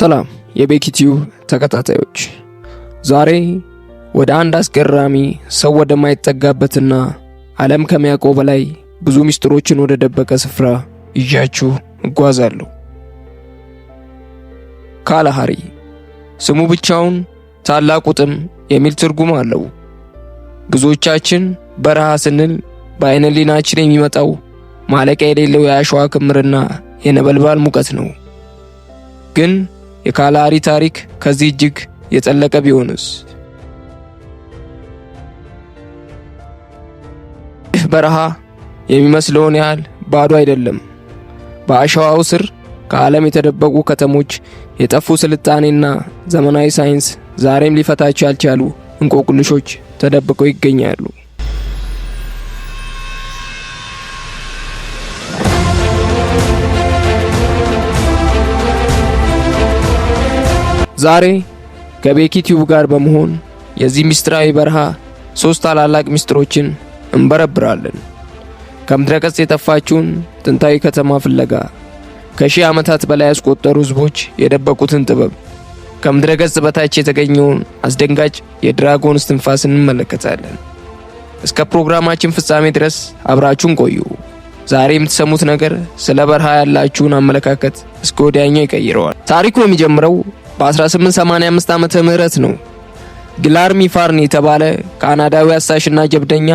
ሰላም የቤኪ ቲዩብ ተከታታዮች፣ ዛሬ ወደ አንድ አስገራሚ ሰው ወደማይጠጋበትና ዓለም ከሚያውቀው በላይ ብዙ ምስጢሮችን ወደ ደበቀ ስፍራ ይዣችሁ እጓዛለሁ። ካላሃሪ ስሙ ብቻውን ታላቁ ጥም የሚል ትርጉም አለው። ብዙዎቻችን በረሃ ስንል በአይነሊናችን የሚመጣው ማለቂያ የሌለው የአሸዋ ክምርና የነበልባል ሙቀት ነው ግን የካላሪ ታሪክ ከዚህ እጅግ የጠለቀ ቢሆንስ? ይህ በረሃ የሚመስለውን ያህል ባዶ አይደለም። በአሸዋው ስር ከዓለም የተደበቁ ከተሞች፣ የጠፉ ስልጣኔና ዘመናዊ ሳይንስ ዛሬም ሊፈታቸው ያልቻሉ እንቆቅልሾች ተደብቀው ይገኛሉ። ዛሬ ከቤኪ ቲዩብ ጋር በመሆን የዚህ ምስጢራዊ በረሃ ሶስት ታላላቅ ምስጢሮችን እንበረብራለን። ከምድረ ገጽ የጠፋችውን ጥንታዊ ከተማ ፍለጋ፣ ከሺህ ዓመታት በላይ ያስቆጠሩ ህዝቦች የደበቁትን ጥበብ፣ ከምድረ ገጽ በታች የተገኘውን አስደንጋጭ የድራጎን እስትንፋስ እንመለከታለን። እስከ ፕሮግራማችን ፍጻሜ ድረስ አብራችሁን ቆዩ። ዛሬ የምትሰሙት ነገር ስለ በረሃ ያላችሁን አመለካከት እስከ ወዲያኛው ይቀይረዋል። ታሪኩ የሚጀምረው በ1885 ዓ ምህረት ነው ግላርሚ ፋርን የተባለ ካናዳዊ አሳሽና ጀብደኛ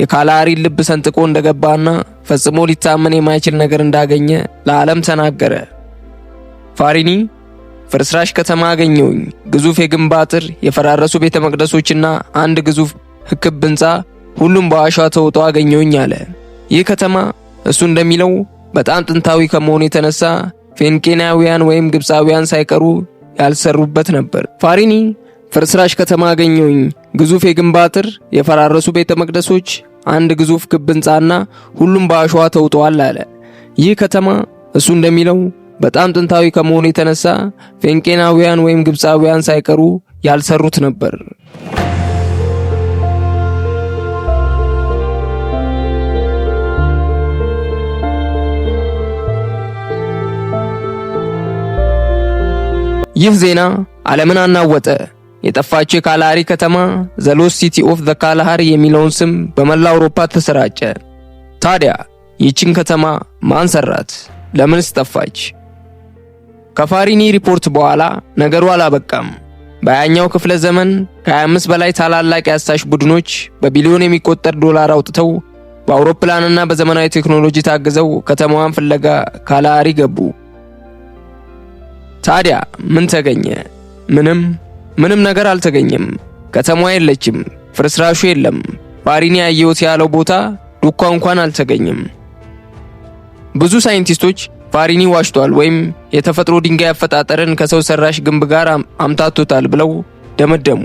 የካላሪን ልብ ሰንጥቆ እንደገባና ፈጽሞ ሊታመን የማይችል ነገር እንዳገኘ ለዓለም ተናገረ። ፋሪኒ ፍርስራሽ ከተማ አገኘውኝ፣ ግዙፍ የግንብ አጥር፣ የፈራረሱ ቤተ መቅደሶችና አንድ ግዙፍ ህክብ ህንፃ፣ ሁሉም በአሸዋ ተውጦ አገኘውኝ አለ። ይህ ከተማ እሱ እንደሚለው በጣም ጥንታዊ ከመሆኑ የተነሳ ፌንቄናውያን ወይም ግብፃውያን ሳይቀሩ ያልሰሩበት ነበር። ፋሪኒ ፍርስራሽ ከተማ አገኘውኝ። ግዙፍ የግንብ አጥር፣ የፈራረሱ ቤተ መቅደሶች፣ አንድ ግዙፍ ክብ ህንጻና ሁሉም በአሸዋ ተውጠዋል አለ። ይህ ከተማ እሱ እንደሚለው በጣም ጥንታዊ ከመሆኑ የተነሳ ፌንቄናውያን ወይም ግብፃውያን ሳይቀሩ ያልሰሩት ነበር። ይህ ዜና ዓለምን አናወጠ። የጠፋችው የካላሃሪ ከተማ ዘ ሲቲ ኦፍ ዘ ካላሃሪ የሚለውን ስም በመላ አውሮፓ ተሰራጨ። ታዲያ ይህችን ከተማ ማን ሰራት? ለምንስ ጠፋች? ከፋሪኒ ሪፖርት በኋላ ነገሩ አላበቃም። በያኛው ክፍለ ዘመን ከ25 በላይ ታላላቅ የአሳሽ ቡድኖች በቢሊዮን የሚቆጠር ዶላር አውጥተው በአውሮፕላንና በዘመናዊ ቴክኖሎጂ ታግዘው ከተማዋን ፍለጋ ካላሃሪ ገቡ። ታዲያ ምን ተገኘ? ምንም ምንም ነገር አልተገኘም። ከተማዋ የለችም፣ ፍርስራሹ የለም። ባሪኒ ያየሁት ያለው ቦታ ዱካ እንኳን አልተገኘም። ብዙ ሳይንቲስቶች ቫሪኒ ዋሽቷል ወይም የተፈጥሮ ድንጋይ አፈጣጠርን ከሰው ሰራሽ ግንብ ጋር አምታቶታል ብለው ደመደሙ።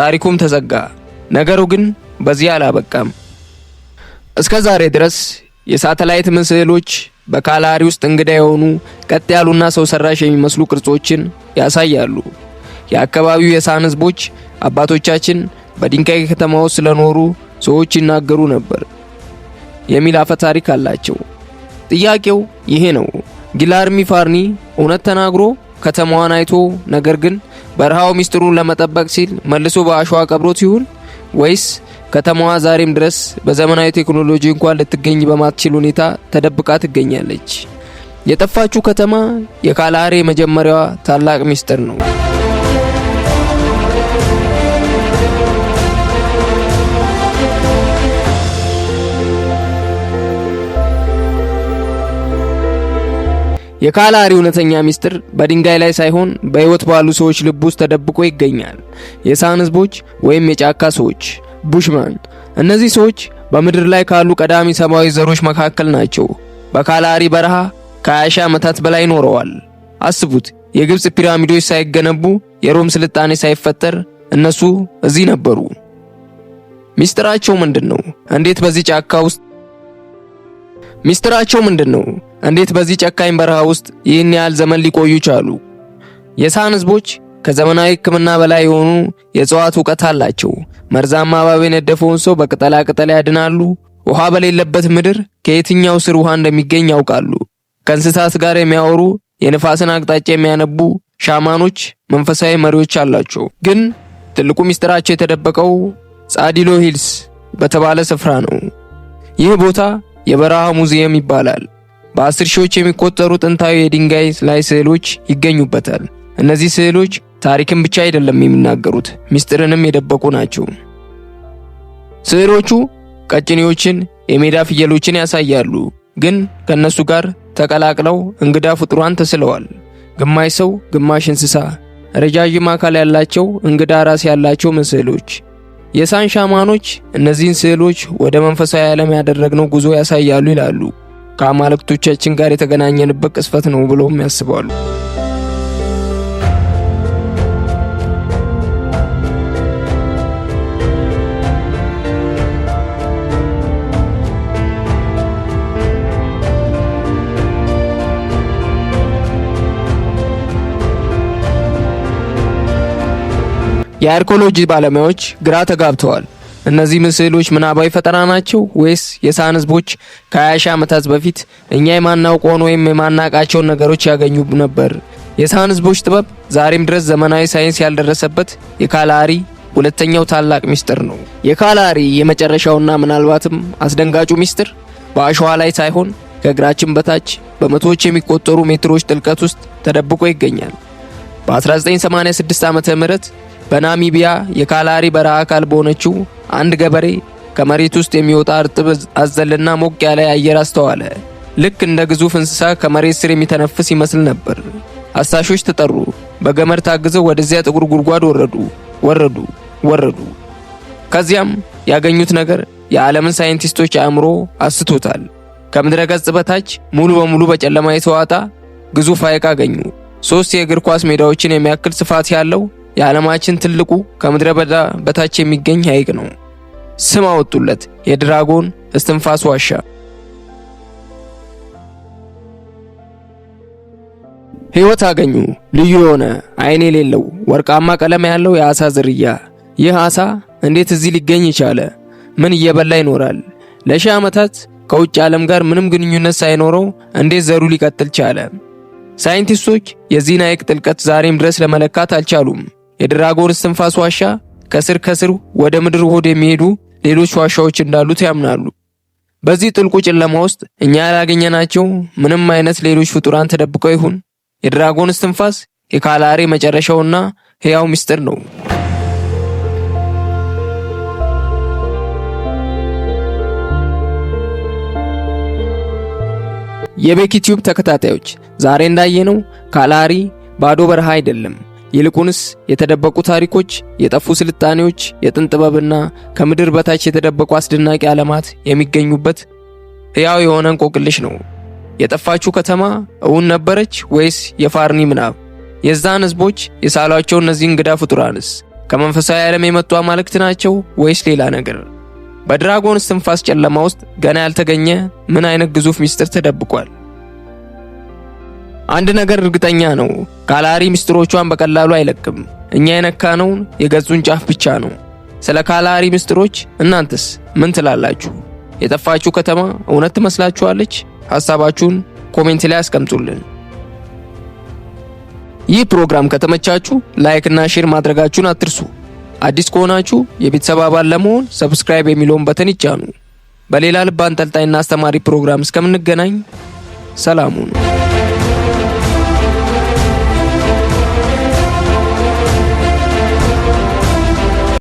ታሪኩም ተዘጋ። ነገሩ ግን በዚህ አላበቃም። እስከ ዛሬ ድረስ የሳተላይት ምስሎች በካላሪ ውስጥ እንግዳ የሆኑ ቀጥ ያሉና ሰው ሰራሽ የሚመስሉ ቅርጾችን ያሳያሉ። የአካባቢው የሳን ህዝቦች አባቶቻችን በድንጋይ ከተማ ውስጥ ስለኖሩ ሰዎች ይናገሩ ነበር የሚል አፈ ታሪክ አላቸው። ጥያቄው ይሄ ነው። ጊላርሚ ፋርኒ እውነት ተናግሮ ከተማዋን አይቶ ነገር ግን በረሃው ሚስጥሩን ለመጠበቅ ሲል መልሶ በአሸዋ ቀብሮት ይሁን ወይስ ከተማዋ ዛሬም ድረስ በዘመናዊ ቴክኖሎጂ እንኳን ልትገኝ በማትችል ሁኔታ ተደብቃ ትገኛለች። የጠፋችው ከተማ የካላሃሪ መጀመሪያዋ ታላቅ ሚስጥር ነው። የካላሃሪ እውነተኛ ሚስጥር በድንጋይ ላይ ሳይሆን በሕይወት ባሉ ሰዎች ልብ ውስጥ ተደብቆ ይገኛል። የሳን ህዝቦች ወይም የጫካ ሰዎች ቡሽማን። እነዚህ ሰዎች በምድር ላይ ካሉ ቀዳሚ ሰብአዊ ዘሮች መካከል ናቸው። በካላሪ በረሃ ከ20 ሺህ ዓመታት በላይ ኖረዋል። አስቡት፣ የግብፅ ፒራሚዶች ሳይገነቡ፣ የሮም ስልጣኔ ሳይፈጠር እነሱ እዚህ ነበሩ። ሚስጥራቸው ምንድነው? እንዴት በዚህ ጫካ ውስጥ ሚስጥራቸው ምንድነው? እንዴት በዚህ ጨካኝ በረሃ ውስጥ ይህን ያህል ዘመን ሊቆዩ ቻሉ? የሳን ህዝቦች ከዘመናዊ ሕክምና በላይ የሆኑ የእጽዋት እውቀት አላቸው። መርዛማ እባብ የነደፈውን ሰው በቅጠላ ቅጠል ያድናሉ። ውሃ በሌለበት ምድር ከየትኛው ስር ውሃ እንደሚገኝ ያውቃሉ። ከእንስሳት ጋር የሚያወሩ የንፋስን አቅጣጫ የሚያነቡ ሻማኖች መንፈሳዊ መሪዎች አላቸው። ግን ትልቁ ምስጢራቸው የተደበቀው ጻዲሎ ሂልስ በተባለ ስፍራ ነው። ይህ ቦታ የበረሃ ሙዚየም ይባላል። በአስር ሺዎች የሚቆጠሩ ጥንታዊ የድንጋይ ላይ ስዕሎች ይገኙበታል። እነዚህ ስዕሎች ታሪክን ብቻ አይደለም የሚናገሩት፣ ምስጢርንም የደበቁ ናቸው። ስዕሎቹ ቀጭኔዎችን፣ የሜዳ ፍየሎችን ያሳያሉ፣ ግን ከነሱ ጋር ተቀላቅለው እንግዳ ፍጥሯን ተስለዋል። ግማሽ ሰው፣ ግማሽ እንስሳ፣ ረጃጅም አካል ያላቸው እንግዳ ራስ ያላቸው ምስሎች። የሳን ሻማኖች እነዚህን ስዕሎች ወደ መንፈሳዊ ዓለም ያደረግነው ጉዞ ያሳያሉ ይላሉ። ከአማልክቶቻችን ጋር የተገናኘንበት ቅስፈት ነው ብለውም ያስባሉ። የአርኮሎጂ ባለሙያዎች ግራ ተጋብተዋል። እነዚህ ምስሎች ምናባዊ ፈጠራ ናቸው ወይስ የሳን ህዝቦች ከ20 ሺህ ዓመታት በፊት እኛ የማናውቀውን ወይም የማናቃቸውን ነገሮች ያገኙ ነበር? የሳን ህዝቦች ጥበብ ዛሬም ድረስ ዘመናዊ ሳይንስ ያልደረሰበት የካላሪ ሁለተኛው ታላቅ ሚስጥር ነው። የካላሪ የመጨረሻውና ምናልባትም አስደንጋጩ ሚስጥር በአሸዋ ላይ ሳይሆን ከእግራችን በታች በመቶዎች የሚቆጠሩ ሜትሮች ጥልቀት ውስጥ ተደብቆ ይገኛል። በ1986 ዓ ም በናሚቢያ የካላሪ በረሃ አካል በሆነችው አንድ ገበሬ ከመሬት ውስጥ የሚወጣ እርጥብ አዘልና ሞቅ ያለ አየር አስተዋለ። ልክ እንደ ግዙፍ እንስሳ ከመሬት ስር የሚተነፍስ ይመስል ነበር። አሳሾች ተጠሩ። በገመድ ታግዘው ወደዚያ ጥቁር ጉድጓድ ወረዱ ወረዱ ወረዱ። ከዚያም ያገኙት ነገር የዓለምን ሳይንቲስቶች አእምሮ አስቶታል። ከምድረ ገጽ በታች ሙሉ በሙሉ በጨለማ የተዋጣ ግዙፍ ሐይቅ አገኙ። ሦስት የእግር ኳስ ሜዳዎችን የሚያክል ስፋት ያለው የዓለማችን ትልቁ ከምድረ በዳ በታች የሚገኝ ሐይቅ ነው። ስም አወጡለት የድራጎን እስትንፋስ ዋሻ። ሕይወት አገኙ ልዩ የሆነ አይን የሌለው ወርቃማ ቀለም ያለው የዓሳ ዝርያ። ይህ ዓሳ እንዴት እዚህ ሊገኝ ይቻለ? ምን እየበላ ይኖራል? ለሺህ ዓመታት ከውጭ ዓለም ጋር ምንም ግንኙነት ሳይኖረው እንዴት ዘሩ ሊቀጥል ቻለ? ሳይንቲስቶች የዚህን ሐይቅ ጥልቀት ዛሬም ድረስ ለመለካት አልቻሉም። የድራጎን እስትንፋስ ዋሻ ከስር ከስር ወደ ምድር ሆድ የሚሄዱ ሌሎች ዋሻዎች እንዳሉት ያምናሉ። በዚህ ጥልቁ ጨለማ ውስጥ እኛ ያላገኘናቸው ምንም አይነት ሌሎች ፍጡራን ተደብቀው ይሁን የድራጎን እስትንፋስ የካላሪ መጨረሻውና ሕያው ምስጢር ነው። የቤኪ ቲዩብ ተከታታዮች ዛሬ እንዳየነው ካላሪ ባዶ በረሃ አይደለም። ይልቁንስ የተደበቁ ታሪኮች፣ የጠፉ ስልጣኔዎች፣ የጥንት ጥበብና ከምድር በታች የተደበቁ አስደናቂ ዓለማት የሚገኙበት ሕያው የሆነ እንቆቅልሽ ነው። የጠፋችው ከተማ እውን ነበረች ወይስ የፋርኒ ምናብ? የዛን ህዝቦች የሳሏቸው እነዚህ እንግዳ ፍጡራንስ ከመንፈሳዊ ዓለም የመጡ አማልክት ናቸው ወይስ ሌላ ነገር? በድራጎን እስትንፋስ ጨለማ ውስጥ ገና ያልተገኘ ምን አይነት ግዙፍ ምስጢር ተደብቋል? አንድ ነገር እርግጠኛ ነው፣ ካላሪ ምስጢሮቿን በቀላሉ አይለቅም። እኛ የነካነውን የገጹን ጫፍ ብቻ ነው። ስለ ካላሪ ምስጢሮች እናንተስ ምን ትላላችሁ? የጠፋችሁ ከተማ እውነት ትመስላችኋለች? ሐሳባችሁን ኮሜንት ላይ አስቀምጡልን። ይህ ፕሮግራም ከተመቻችሁ ላይክ እና ሼር ማድረጋችሁን አትርሱ። አዲስ ከሆናችሁ የቤተሰብ አባል ለመሆን ሰብስክራይብ የሚለውን በተን ይጫኑ። በሌላ ልብ አንጠልጣይና አስተማሪ ፕሮግራም እስከምንገናኝ ሰላሙን